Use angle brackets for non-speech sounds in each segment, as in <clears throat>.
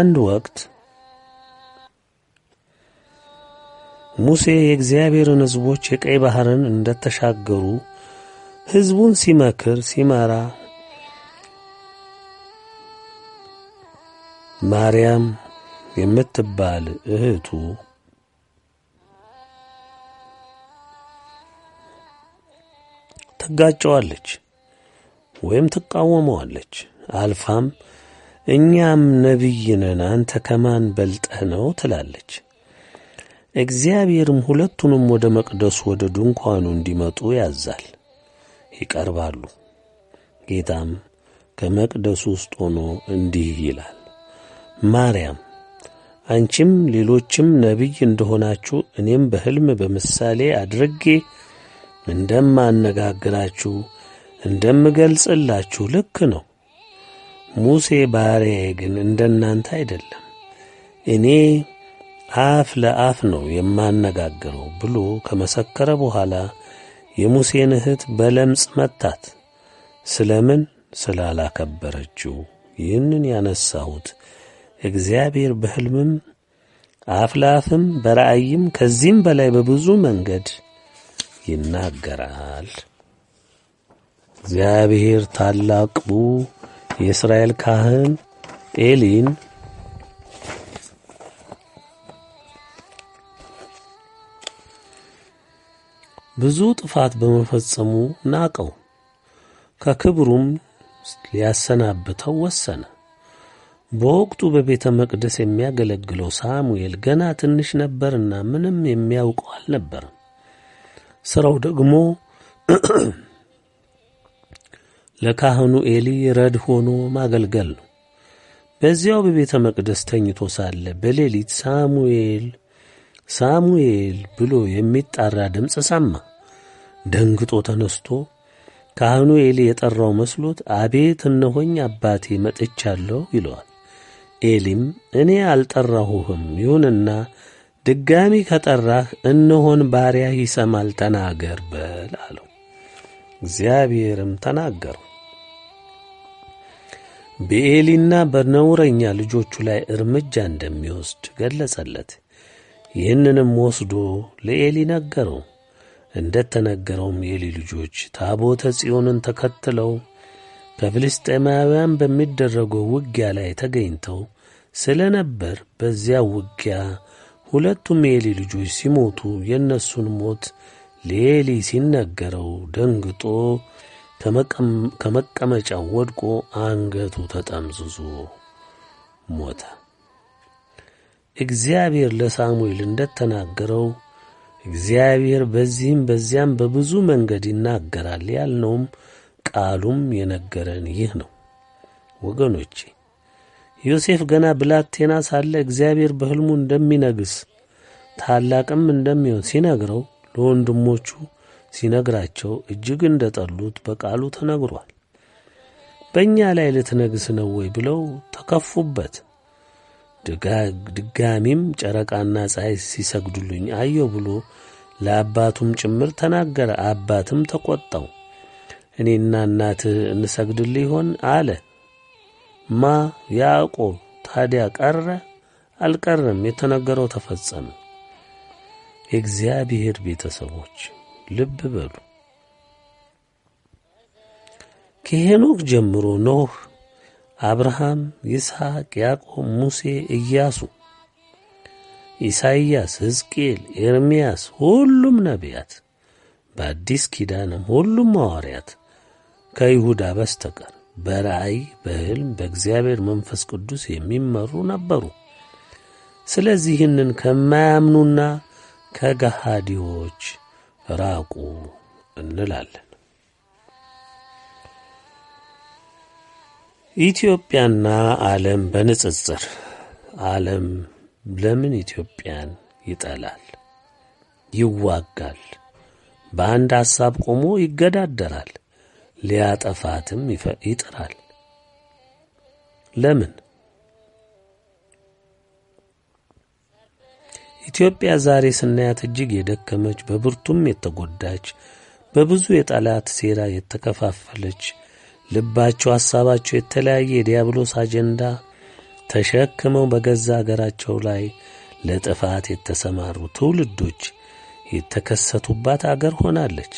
በአንድ ወቅት ሙሴ የእግዚአብሔርን ሕዝቦች የቀይ ባሕርን እንደተሻገሩ ሕዝቡን ሲመክር ሲመራ ማርያም የምትባል እህቱ ትጋጨዋለች ወይም ትቃወመዋለች። አልፋም እኛም ነቢይ ነን አንተ ከማን በልጠህ ነው ትላለች። እግዚአብሔርም ሁለቱንም ወደ መቅደሱ ወደ ድንኳኑ እንዲመጡ ያዛል። ይቀርባሉ። ጌታም ከመቅደሱ ውስጥ ሆኖ እንዲህ ይላል፣ ማርያም አንቺም ሌሎችም ነቢይ እንደሆናችሁ እኔም በሕልም በምሳሌ አድርጌ እንደማነጋግራችሁ እንደምገልጽላችሁ ልክ ነው ሙሴ ባሪያዬ ግን እንደ እናንተ አይደለም፣ እኔ አፍ ለአፍ ነው የማነጋግረው ብሎ ከመሰከረ በኋላ የሙሴን እህት በለምጽ መታት። ስለምን ስላላከበረችው። ይህንን ያነሳሁት እግዚአብሔር በሕልምም አፍ ለአፍም በራእይም ከዚህም በላይ በብዙ መንገድ ይናገራል። እግዚአብሔር ቡ የእስራኤል ካህን ኤሊን ብዙ ጥፋት በመፈጸሙ ናቀው፣ ከክብሩም ሊያሰናብተው ወሰነ። በወቅቱ በቤተ መቅደስ የሚያገለግለው ሳሙኤል ገና ትንሽ ነበርና ምንም የሚያውቀው አልነበረም። ሥራው ደግሞ <clears throat> ለካህኑ ኤሊ ረድ ሆኖ ማገልገል ነው። በዚያው በቤተ መቅደስ ተኝቶ ሳለ በሌሊት ሳሙኤል ሳሙኤል ብሎ የሚጣራ ድምፅ ሰማ። ደንግጦ ተነስቶ ካህኑ ኤሊ የጠራው መስሎት አቤት እነሆኝ አባቴ መጥቻለሁ ይለዋል። ኤሊም እኔ አልጠራሁህም፣ ይሁንና ድጋሚ ከጠራህ እነሆን ባሪያህ ይሰማል፣ ተናገር በል አለው። እግዚአብሔርም ተናገረው። በኤሊና በነውረኛ ልጆቹ ላይ እርምጃ እንደሚወስድ ገለጸለት። ይህንንም ወስዶ ለኤሊ ነገረው። እንደ ተነገረውም ልጆች ታቦተ ጽዮንን ተከትለው ከፍልስጤማውያን በሚደረገው ውጊያ ላይ ተገኝተው ስለ ነበር በዚያ ውጊያ ሁለቱም የዔሊ ልጆች ሲሞቱ የእነሱን ሞት ለኤሊ ሲነገረው ደንግጦ ከመቀመጫው ወድቆ አንገቱ ተጠምዝዞ ሞተ። እግዚአብሔር ለሳሙኤል እንደተናገረው እግዚአብሔር በዚህም በዚያም በብዙ መንገድ ይናገራል ያልነውም ቃሉም የነገረን ይህ ነው። ወገኖቼ ዮሴፍ ገና ብላቴና ሳለ እግዚአብሔር በሕልሙ እንደሚነግስ ታላቅም እንደሚሆን ሲነግረው ለወንድሞቹ ሲነግራቸው እጅግ እንደ ጠሉት በቃሉ ተነግሯል። በእኛ ላይ ልትነግስ ነው ወይ ብለው ተከፉበት። ድጋሚም ጨረቃና ፀሐይ ሲሰግዱልኝ አየሁ ብሎ ለአባቱም ጭምር ተናገረ። አባትም ተቆጣው። እኔና እናትህ እንሰግድልህ ይሆን አለ። ማ ያዕቆብ ታዲያ ቀረ? አልቀረም፣ የተነገረው ተፈጸመ። የእግዚአብሔር ቤተሰቦች ልብ በሉ። ከሄኖክ ጀምሮ ኖህ፣ አብርሃም፣ ይስሐቅ፣ ያዕቆብ፣ ሙሴ፣ ኢያሱ፣ ኢሳይያስ፣ ሕዝቅኤል፣ ኤርምያስ ሁሉም ነቢያት በአዲስ ኪዳንም ሁሉም ሐዋርያት ከይሁዳ በስተቀር በራእይ በሕልም በእግዚአብሔር መንፈስ ቅዱስ የሚመሩ ነበሩ። ስለዚህ ከማያምኑና ከገሃዲዎች ራቁ እንላለን። ኢትዮጵያና ዓለም በንጽጽር ዓለም ለምን ኢትዮጵያን ይጠላል? ይዋጋል። በአንድ ሐሳብ ቆሞ ይገዳደራል። ሊያጠፋትም ይጥራል። ለምን? ኢትዮጵያ ዛሬ ስናያት እጅግ የደከመች በብርቱም የተጎዳች በብዙ የጠላት ሴራ የተከፋፈለች ልባቸው፣ ሐሳባቸው የተለያየ የዲያብሎስ አጀንዳ ተሸክመው በገዛ አገራቸው ላይ ለጥፋት የተሰማሩ ትውልዶች የተከሰቱባት አገር ሆናለች።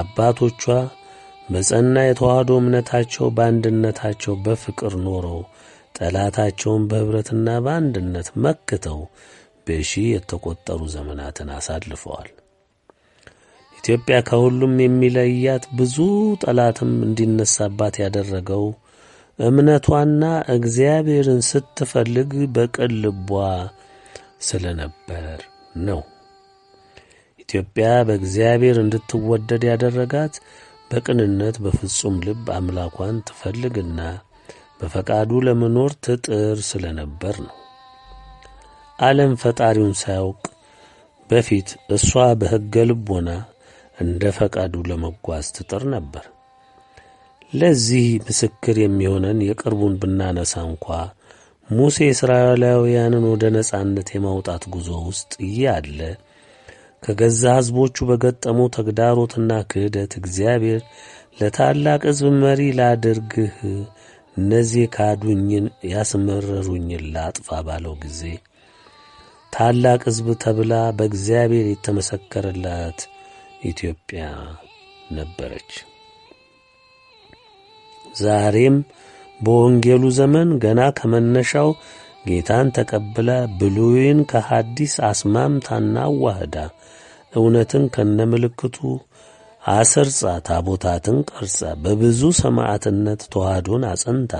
አባቶቿ በጸና የተዋህዶ እምነታቸው በአንድነታቸው በፍቅር ኖረው ጠላታቸውን በኅብረትና በአንድነት መክተው በሺህ የተቆጠሩ ዘመናትን አሳልፈዋል። ኢትዮጵያ ከሁሉም የሚለያት ብዙ ጠላትም እንዲነሳባት ያደረገው እምነቷና እግዚአብሔርን ስትፈልግ በቅን ልቧ ስለነበር ነው። ኢትዮጵያ በእግዚአብሔር እንድትወደድ ያደረጋት በቅንነት በፍጹም ልብ አምላኳን ትፈልግና በፈቃዱ ለመኖር ትጥር ስለነበር ነው። ዓለም ፈጣሪውን ሳያውቅ በፊት እሷ በሕገ ልቦና እንደ ፈቃዱ ለመጓዝ ትጥር ነበር። ለዚህ ምስክር የሚሆነን የቅርቡን ብናነሳ እንኳ ሙሴ እስራኤላውያንን ወደ ነጻነት የማውጣት ጉዞ ውስጥ እያለ ከገዛ ሕዝቦቹ በገጠሙ ተግዳሮትና ክህደት እግዚአብሔር ለታላቅ ሕዝብ መሪ ላድርግህ፣ እነዚህ ካዱኝን ያስመረሩኝን ላጥፋ ባለው ጊዜ ታላቅ ሕዝብ ተብላ በእግዚአብሔር የተመሰከረላት ኢትዮጵያ ነበረች። ዛሬም በወንጌሉ ዘመን ገና ከመነሻው ጌታን ተቀብላ ብሉይን ከሐዲስ አስማምታና ዋህዳ እውነትን ከነምልክቱ አሰርጻ ታቦታትን ቀርጻ በብዙ ሰማዕትነት ተዋህዶን አጸንታ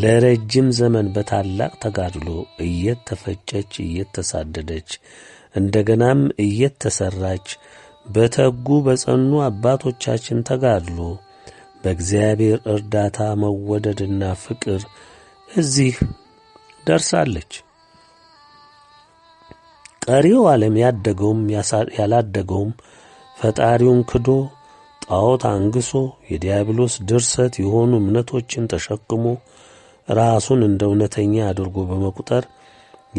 ለረጅም ዘመን በታላቅ ተጋድሎ እየተፈጨች እየተሳደደች እንደ ገናም እየተሠራች በተጉ በጸኑ አባቶቻችን ተጋድሎ በእግዚአብሔር እርዳታ መወደድና ፍቅር እዚህ ደርሳለች። ቀሪው ዓለም ያደገውም ያላደገውም ፈጣሪውን ክዶ ጣዖት አንግሶ የዲያብሎስ ድርሰት የሆኑ እምነቶችን ተሸክሞ ራሱን እንደ እውነተኛ አድርጎ በመቁጠር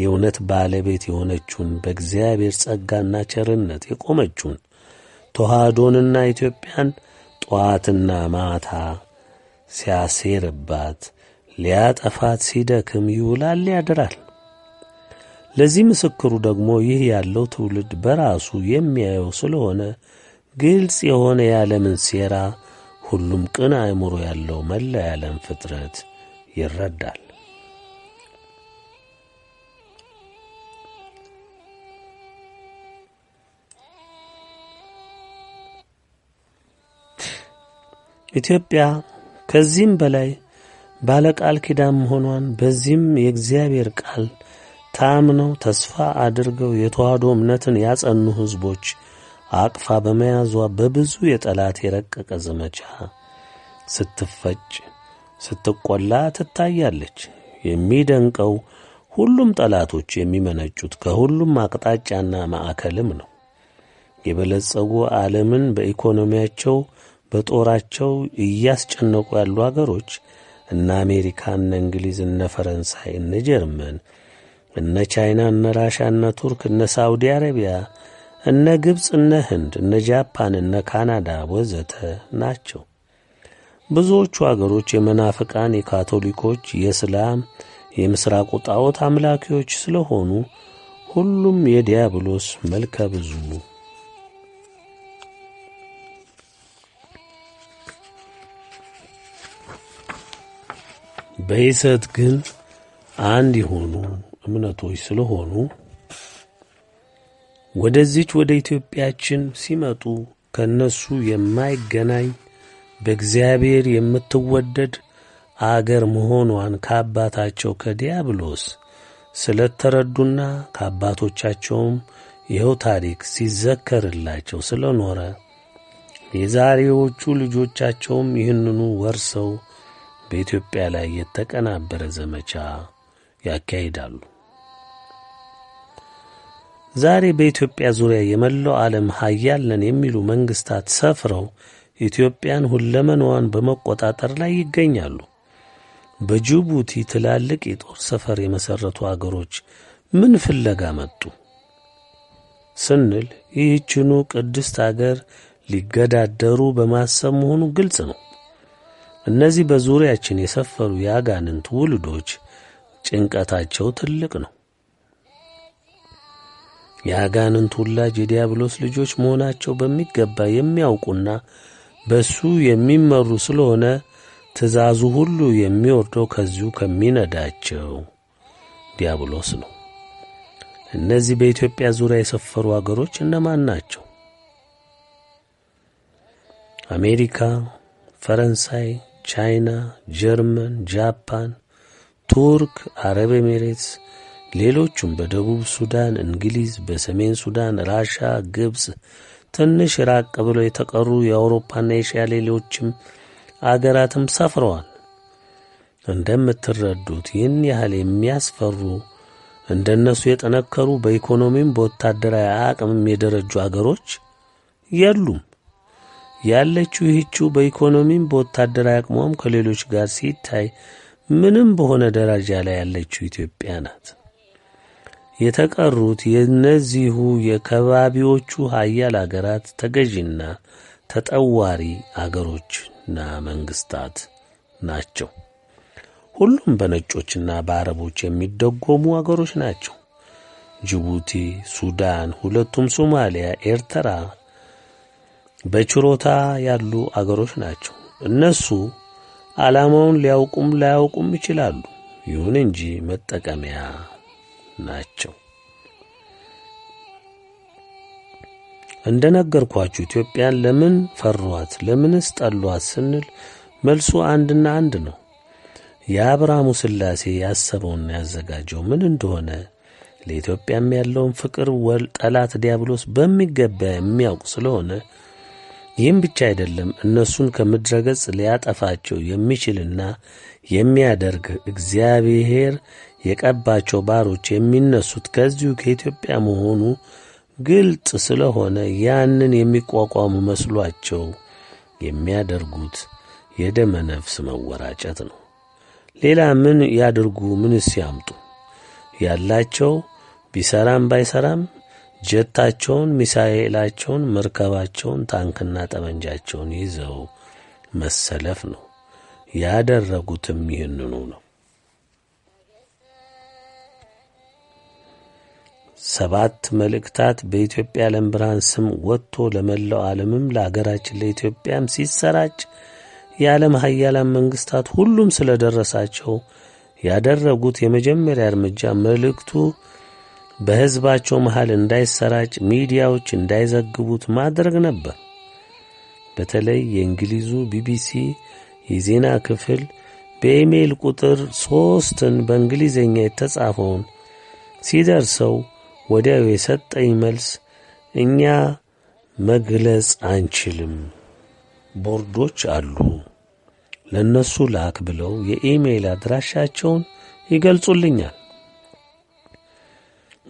የእውነት ባለቤት የሆነችውን በእግዚአብሔር ጸጋና ቸርነት የቆመችውን ተዋህዶንና ኢትዮጵያን ጠዋትና ማታ ሲያሴርባት ሊያጠፋት ሲደክም ይውላል ያድራል። ለዚህ ምስክሩ ደግሞ ይህ ያለው ትውልድ በራሱ የሚያየው ስለሆነ ግልጽ የሆነ የዓለምን ሴራ ሁሉም ቅን አእምሮ ያለው መላ ያለም ፍጥረት ይረዳል። ኢትዮጵያ ከዚህም በላይ ባለ ቃል ኪዳን መሆኗን በዚህም የእግዚአብሔር ቃል ታምነው ተስፋ አድርገው የተዋህዶ እምነትን ያጸኑ ሕዝቦች አቅፋ በመያዟ በብዙ የጠላት የረቀቀ ዘመቻ ስትፈጭ ስትቆላ ትታያለች። የሚደንቀው ሁሉም ጠላቶች የሚመነጩት ከሁሉም አቅጣጫና ማዕከልም ነው። የበለጸጉ ዓለምን በኢኮኖሚያቸው በጦራቸው እያስጨነቁ ያሉ አገሮች እነ አሜሪካ፣ እነ እንግሊዝ፣ እነ ፈረንሳይ፣ እነ ጀርመን፣ እነ ቻይና፣ እነ ራሻ፣ እነ ቱርክ፣ እነ ሳውዲ አረቢያ፣ እነ ግብፅ፣ እነ ህንድ፣ እነ ጃፓን፣ እነ ካናዳ ወዘተ ናቸው። ብዙዎቹ አገሮች የመናፍቃን የካቶሊኮች፣ የእስላም፣ የምስራቁ ጣዖት አምላኪዎች ስለሆኑ ሁሉም የዲያብሎስ መልከ ብዙ በይሰት ግን አንድ የሆኑ እምነቶች ስለሆኑ ወደዚች ወደ ኢትዮጵያችን ሲመጡ ከእነሱ የማይገናኝ በእግዚአብሔር የምትወደድ አገር መሆኗን ከአባታቸው ከዲያብሎስ ስለተረዱና ከአባቶቻቸውም ይኸው ታሪክ ሲዘከርላቸው ስለኖረ የዛሬዎቹ ልጆቻቸውም ይህንኑ ወርሰው በኢትዮጵያ ላይ የተቀናበረ ዘመቻ ያካሂዳሉ። ዛሬ በኢትዮጵያ ዙሪያ የመላው ዓለም ሀያለን የሚሉ መንግስታት ሰፍረው ኢትዮጵያን ሁለመናዋን በመቆጣጠር ላይ ይገኛሉ። በጅቡቲ ትላልቅ የጦር ሰፈር የመሠረቱ አገሮች ምን ፍለጋ መጡ ስንል ይህችኑ ቅድስት አገር ሊገዳደሩ በማሰብ መሆኑ ግልጽ ነው። እነዚህ በዙሪያችን የሰፈሩ የአጋንንት ውልዶች ጭንቀታቸው ትልቅ ነው። የአጋንንት ውላጅ የዲያብሎስ ልጆች መሆናቸው በሚገባ የሚያውቁና በእሱ የሚመሩ ስለሆነ ትእዛዙ ሁሉ የሚወርደው ከዚሁ ከሚነዳቸው ዲያብሎስ ነው። እነዚህ በኢትዮጵያ ዙሪያ የሰፈሩ አገሮች እነማን ናቸው? አሜሪካ፣ ፈረንሳይ፣ ቻይና፣ ጀርመን፣ ጃፓን፣ ቱርክ፣ አረብ ኤሜሬትስ፣ ሌሎቹም በደቡብ ሱዳን፣ እንግሊዝ፣ በሰሜን ሱዳን፣ ራሻ፣ ግብፅ፣ ትንሽ ራቅ ብለው የተቀሩ የአውሮፓና የኤሽያ ሌሎችም አገራትም ሰፍረዋል። እንደምትረዱት ይህን ያህል የሚያስፈሩ እንደነሱ የጠነከሩ በኢኮኖሚም በወታደራዊ አቅምም የደረጁ አገሮች የሉም። ያለችው ይህችው በኢኮኖሚም በወታደራዊ አቅሟም ከሌሎች ጋር ሲታይ ምንም በሆነ ደረጃ ላይ ያለችው ኢትዮጵያ ናት። የተቀሩት የእነዚሁ የከባቢዎቹ ሀያል አገራት ተገዢና ተጠዋሪ አገሮችና መንግስታት ናቸው። ሁሉም በነጮችና በአረቦች የሚደጎሙ አገሮች ናቸው። ጅቡቲ፣ ሱዳን፣ ሁለቱም ሶማሊያ፣ ኤርትራ በችሮታ ያሉ አገሮች ናቸው። እነሱ ዓላማውን ሊያውቁም ላያውቁም ይችላሉ። ይሁን እንጂ መጠቀሚያ ናቸው። እንደነገርኳችሁ ኢትዮጵያን ለምን ፈሯት? ለምንስ ጠሏት? ስንል መልሱ አንድና አንድ ነው። የአብርሃሙ ሥላሴ ያሰበውና ያዘጋጀው ምን እንደሆነ ለኢትዮጵያም ያለውን ፍቅር ወል ጠላት ዲያብሎስ በሚገባ የሚያውቅ ስለሆነ ይህም ብቻ አይደለም፣ እነሱን ገጽ ሊያጠፋቸው የሚችልና የሚያደርግ እግዚአብሔር የቀባቸው ባሮች የሚነሱት ከዚሁ ከኢትዮጵያ መሆኑ ግልጽ ስለሆነ ያንን የሚቋቋሙ መስሏቸው የሚያደርጉት የደመ ነፍስ መወራጨት ነው። ሌላ ምን ያድርጉ? ምንስ ያምጡ? ያላቸው ቢሰራም ባይሰራም ጀታቸውን፣ ሚሳኤላቸውን፣ መርከባቸውን፣ ታንክና ጠመንጃቸውን ይዘው መሰለፍ ነው። ያደረጉትም ይህንኑ ነው። ሰባት መልእክታት በኢትዮጵያ ዓለም ብርሃን ስም ወጥቶ ለመላው ዓለምም ለአገራችን ለኢትዮጵያም ሲሰራጭ የዓለም ሀያላን መንግስታት ሁሉም ስለ ደረሳቸው ያደረጉት የመጀመሪያ እርምጃ መልእክቱ በሕዝባቸው መሃል እንዳይሰራጭ ሚዲያዎች እንዳይዘግቡት ማድረግ ነበር። በተለይ የእንግሊዙ ቢቢሲ የዜና ክፍል በኢሜይል ቁጥር ሦስትን በእንግሊዝኛ የተጻፈውን ሲደርሰው ወዲያው የሰጠኝ መልስ እኛ መግለጽ አንችልም፣ ቦርዶች አሉ፣ ለእነሱ ላክ ብለው የኢሜይል አድራሻቸውን ይገልጹልኛል።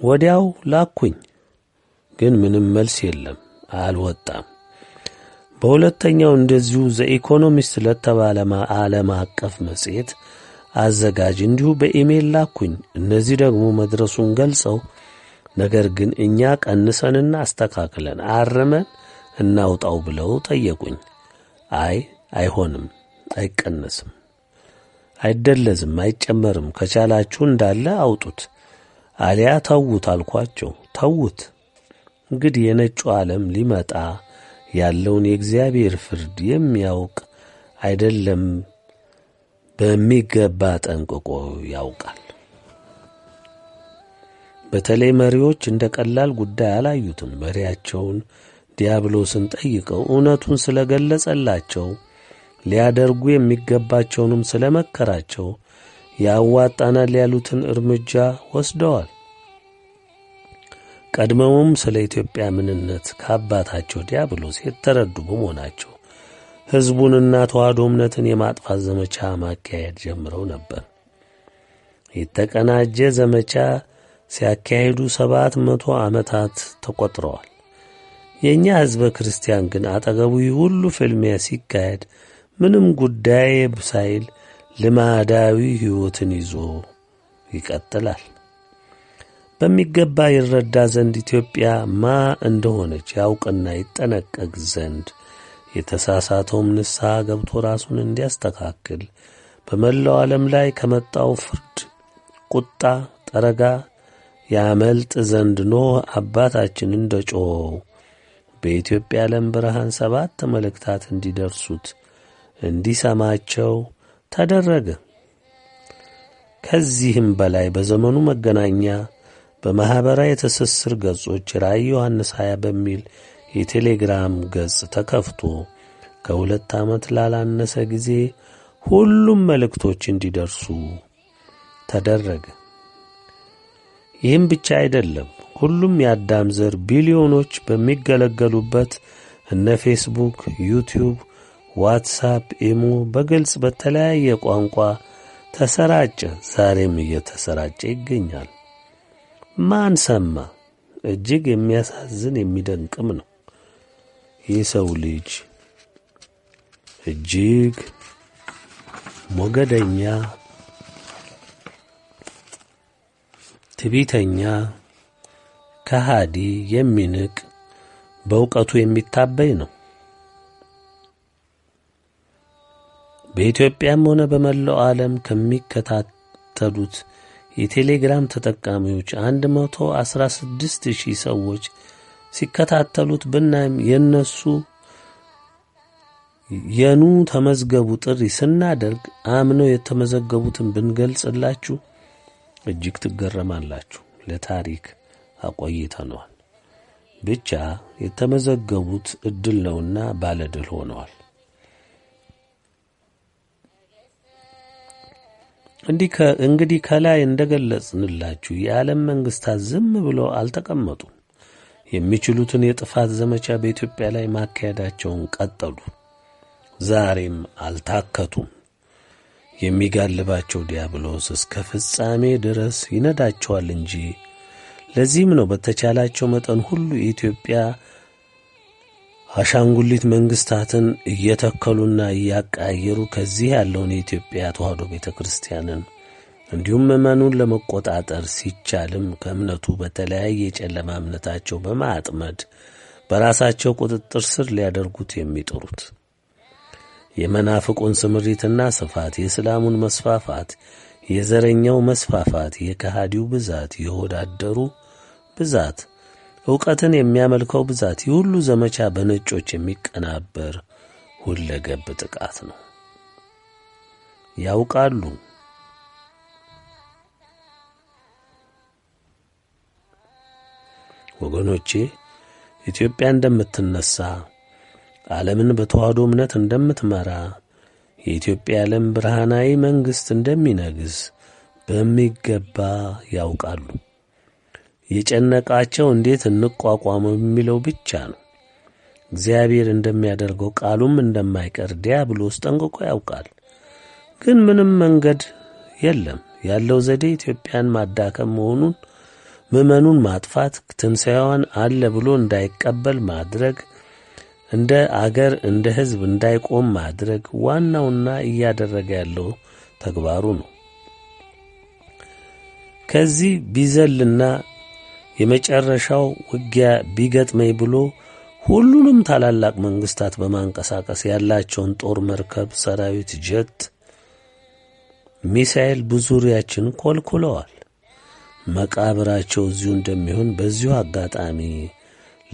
ወዲያው ላኩኝ፣ ግን ምንም መልስ የለም፣ አልወጣም። በሁለተኛው እንደዚሁ ዘኢኮኖሚስት ለተባለ ዓለም አቀፍ መጽሔት አዘጋጅ እንዲሁ በኢሜይል ላኩኝ። እነዚህ ደግሞ መድረሱን ገልጸው ነገር ግን እኛ ቀንሰንና አስተካክለን አርመን እናውጣው ብለው ጠየቁኝ። አይ አይሆንም፣ አይቀነስም፣ አይደለዝም፣ አይጨመርም፣ ከቻላችሁ እንዳለ አውጡት አሊያ ተዉት አልኳቸው። ተዉት እንግዲህ የነጩ ዓለም ሊመጣ ያለውን የእግዚአብሔር ፍርድ የሚያውቅ አይደለም፣ በሚገባ ጠንቅቆ ያውቃል። በተለይ መሪዎች እንደ ቀላል ጉዳይ አላዩትም። መሪያቸውን ዲያብሎስን ጠይቀው እውነቱን ስለ ገለጸላቸው ሊያደርጉ የሚገባቸውንም ስለ መከራቸው ያዋጣናል ያሉትን እርምጃ ወስደዋል። ቀድመውም ስለ ኢትዮጵያ ምንነት ከአባታቸው ዲያብሎስ የተረዱ በመሆናቸው ሕዝቡንና ተዋሕዶ እምነትን የማጥፋት ዘመቻ ማካሄድ ጀምረው ነበር። የተቀናጀ ዘመቻ ሲያካሂዱ ሰባት መቶ ዓመታት ተቆጥረዋል። የእኛ ሕዝበ ክርስቲያን ግን አጠገቡ ሁሉ ፍልሚያ ሲካሄድ ምንም ጉዳይ ሳይል ልማዳዊ ሕይወትን ይዞ ይቀጥላል። በሚገባ ይረዳ ዘንድ ኢትዮጵያ ማ እንደሆነች ያውቅና ይጠነቀቅ ዘንድ የተሳሳተውም ንስሐ ገብቶ ራሱን እንዲያስተካክል በመላው ዓለም ላይ ከመጣው ፍርድ፣ ቁጣ፣ ጠረጋ፣ ያመልጥ ዘንድ ኖህ አባታችን እንደ ጮኸው በኢትዮጵያ ዓለም ብርሃን ሰባት መልእክታት እንዲደርሱት እንዲሰማቸው ተደረገ። ከዚህም በላይ በዘመኑ መገናኛ በማኅበራዊ የትስስር ገጾች ራእይ ዮሐንስ 20 በሚል የቴሌግራም ገጽ ተከፍቶ ከሁለት ዓመት ላላነሰ ጊዜ ሁሉም መልእክቶች እንዲደርሱ ተደረገ። ይህም ብቻ አይደለም። ሁሉም የአዳም ዘር ቢሊዮኖች በሚገለገሉበት እነ ፌስቡክ፣ ዩቲዩብ፣ ዋትሳፕ፣ ኢሞ በግልጽ በተለያየ ቋንቋ ተሰራጨ። ዛሬም እየተሰራጨ ይገኛል። ማን ሰማ? እጅግ የሚያሳዝን የሚደንቅም ነው። ሰው ልጅ እጅግ ሞገደኛ ትቢተኛ፣ ከሃዲ፣ የሚንቅ በእውቀቱ የሚታበይ ነው። በኢትዮጵያም ሆነ በመላው ዓለም ከሚከታተሉት የቴሌግራም ተጠቃሚዎች 116 ሺህ ሰዎች ሲከታተሉት ብናይም የነሱ የኑ ተመዝገቡ ጥሪ ስናደርግ አምነው የተመዘገቡትን ብንገልጽላችሁ እጅግ ትገረማላችሁ። ለታሪክ አቆይተነዋል። ብቻ የተመዘገቡት እድል ነውና ባለድል ሆነዋል። እንግዲህ ከላይ እንደገለጽንላችሁ የዓለም መንግስታት ዝም ብሎ አልተቀመጡም። የሚችሉትን የጥፋት ዘመቻ በኢትዮጵያ ላይ ማካሄዳቸውን ቀጠሉ። ዛሬም አልታከቱም። የሚጋልባቸው ዲያብሎስ እስከ ፍጻሜ ድረስ ይነዳቸዋል እንጂ። ለዚህም ነው በተቻላቸው መጠን ሁሉ የኢትዮጵያ አሻንጉሊት መንግስታትን እየተከሉና እያቃየሩ ከዚህ ያለውን የኢትዮጵያ ተዋሕዶ ቤተ ክርስቲያንን እንዲሁም መመኑን ለመቆጣጠር ሲቻልም ከእምነቱ በተለያየ የጨለማ እምነታቸው በማጥመድ በራሳቸው ቁጥጥር ስር ሊያደርጉት የሚጥሩት የመናፍቁን ስምሪትና ስፋት፣ የእስላሙን መስፋፋት፣ የዘረኛው መስፋፋት፣ የከሃዲው ብዛት፣ የሆዳደሩ ብዛት፣ ዕውቀትን የሚያመልከው ብዛት፣ ሁሉ ዘመቻ በነጮች የሚቀናበር ሁለገብ ጥቃት ነው። ያውቃሉ ወገኖቼ ኢትዮጵያ እንደምትነሳ ዓለምን በተዋህዶ እምነት እንደምትመራ የኢትዮጵያ ዓለም ብርሃናዊ መንግሥት እንደሚነግስ በሚገባ ያውቃሉ። የጨነቃቸው እንዴት እንቋቋመው የሚለው ብቻ ነው። እግዚአብሔር እንደሚያደርገው ቃሉም እንደማይቀር ዲያብሎስ ጠንቅቆ ያውቃል። ግን ምንም መንገድ የለም። ያለው ዘዴ ኢትዮጵያን ማዳከም መሆኑን፣ ምዕመኑን ማጥፋት፣ ትንሣኤዋን አለ ብሎ እንዳይቀበል ማድረግ እንደ አገር እንደ ሕዝብ እንዳይቆም ማድረግ ዋናውና እያደረገ ያለው ተግባሩ ነው። ከዚህ ቢዘልና የመጨረሻው ውጊያ ቢገጥመኝ ብሎ ሁሉንም ታላላቅ መንግስታት በማንቀሳቀስ ያላቸውን ጦር መርከብ፣ ሰራዊት፣ ጀት፣ ሚሳኤል ብዙሪያችን ኮልኩለዋል። መቃብራቸው እዚሁ እንደሚሆን በዚሁ አጋጣሚ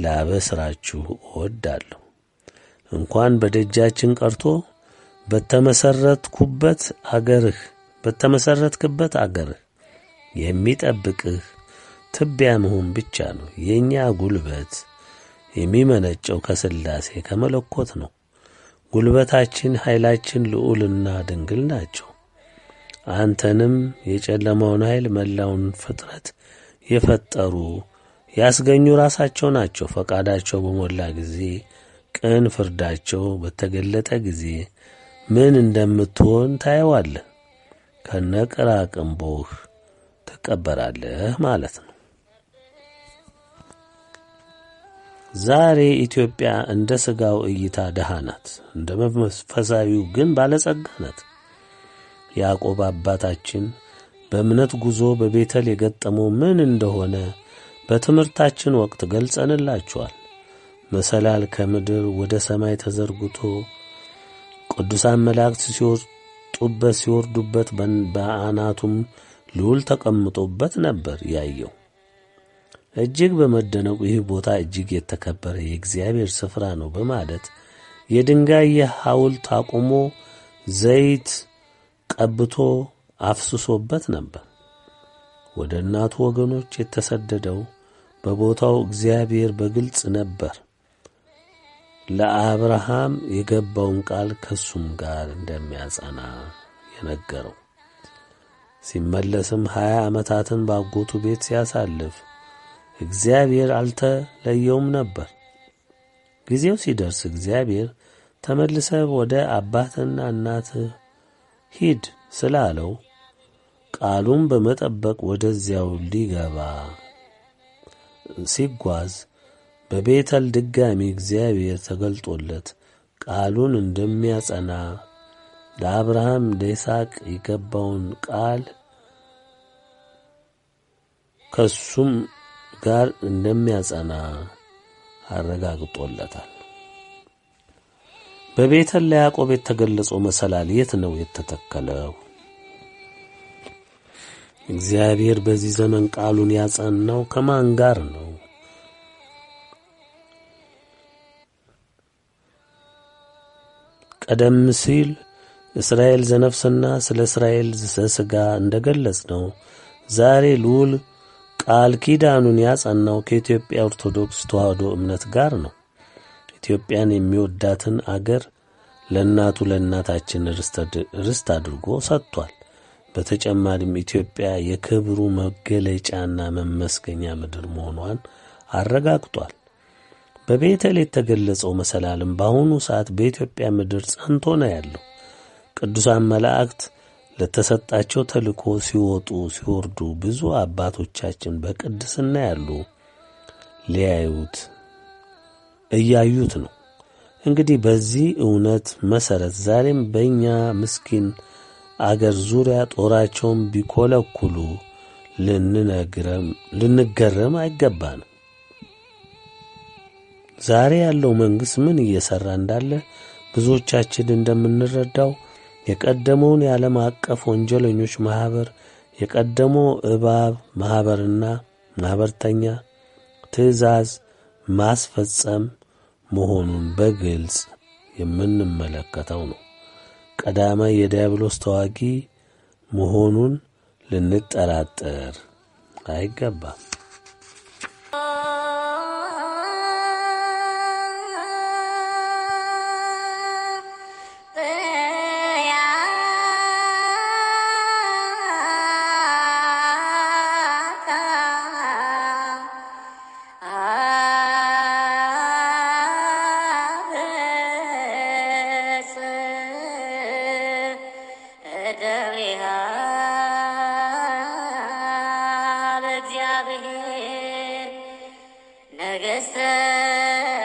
ላበስራችሁ እወዳለሁ። እንኳን በደጃችን ቀርቶ በተመሰረትኩበት አገርህ በተመሰረትክበት አገርህ የሚጠብቅህ ትቢያ መሆን ብቻ ነው። የእኛ ጉልበት የሚመነጨው ከሥላሴ ከመለኮት ነው። ጉልበታችን፣ ኃይላችን ልዑልና ድንግል ናቸው። አንተንም የጨለማውን ኃይል መላውን ፍጥረት የፈጠሩ ያስገኙ ራሳቸው ናቸው። ፈቃዳቸው በሞላ ጊዜ ቅን ፍርዳቸው በተገለጠ ጊዜ ምን እንደምትሆን ታየዋለህ። ቅንቦህ ትቀበራለህ ማለት ነው። ዛሬ ኢትዮጵያ እንደ ሥጋው እይታ ደሃ ናት፣ እንደ መንፈሳዊው ግን ባለጸጋ ናት። ያዕቆብ አባታችን በእምነት ጉዞ በቤተል የገጠመው ምን እንደሆነ በትምህርታችን ወቅት ገልጸንላችኋል። መሰላል ከምድር ወደ ሰማይ ተዘርግቶ ቅዱሳን መላእክት ሲወጡበት ሲወርዱበት በአናቱም ልዑል ተቀምጦበት ነበር ያየው። እጅግ በመደነቁ ይህ ቦታ እጅግ የተከበረ የእግዚአብሔር ስፍራ ነው በማለት የድንጋይ የሐውልት አቁሞ ዘይት ቀብቶ አፍስሶበት ነበር። ወደ እናቱ ወገኖች የተሰደደው በቦታው እግዚአብሔር በግልጽ ነበር። ለአብርሃም የገባውን ቃል ከሱም ጋር እንደሚያጸና የነገረው። ሲመለስም ሀያ ዓመታትን ባጎቱ ቤት ሲያሳልፍ እግዚአብሔር አልተለየውም ነበር። ጊዜው ሲደርስ እግዚአብሔር ተመልሰህ ወደ አባትና እናትህ ሂድ ስላለው ቃሉን በመጠበቅ ወደዚያው ሊገባ ሲጓዝ በቤተል ድጋሚ እግዚአብሔር ተገልጦለት ቃሉን እንደሚያጸና ለአብርሃም ለይስሐቅ የገባውን ቃል ከሱም ጋር እንደሚያጸና አረጋግጦለታል። በቤተል ለያዕቆብ የተገለጸው መሰላል የት ነው የተተከለው? እግዚአብሔር በዚህ ዘመን ቃሉን ያጸናው ከማን ጋር ነው? ቀደም ሲል እስራኤል ዘነፍስና ስለ እስራኤል ዘሥጋ እንደ ገለጽ ነው ዛሬ ልዑል ቃል ኪዳኑን ያጸናው ከኢትዮጵያ ኦርቶዶክስ ተዋሕዶ እምነት ጋር ነው። ኢትዮጵያን የሚወዳትን አገር ለእናቱ ለእናታችን ርስት አድርጎ ሰጥቷል። በተጨማሪም ኢትዮጵያ የክብሩ መገለጫና መመስገኛ ምድር መሆኗን አረጋግጧል። በቤተል የተገለጸው መሰላልም በአሁኑ ሰዓት በኢትዮጵያ ምድር ጸንቶ ነው ያለው። ቅዱሳን መላእክት ለተሰጣቸው ተልእኮ ሲወጡ ሲወርዱ ብዙ አባቶቻችን በቅድስና ያሉ ሊያዩት እያዩት ነው። እንግዲህ በዚህ እውነት መሠረት ዛሬም በእኛ ምስኪን አገር ዙሪያ ጦራቸውን ቢኮለኩሉ ልንገረም አይገባንም። ዛሬ ያለው መንግሥት ምን እየሠራ እንዳለ ብዙዎቻችን እንደምንረዳው የቀደመውን የዓለም አቀፍ ወንጀለኞች ማኅበር የቀደመው እባብ ማኅበርና ማኅበርተኛ ትእዛዝ ማስፈጸም መሆኑን በግልጽ የምንመለከተው ነው። ቀዳማይ የዲያብሎስ ተዋጊ መሆኑን ልንጠራጠር አይገባም። நகச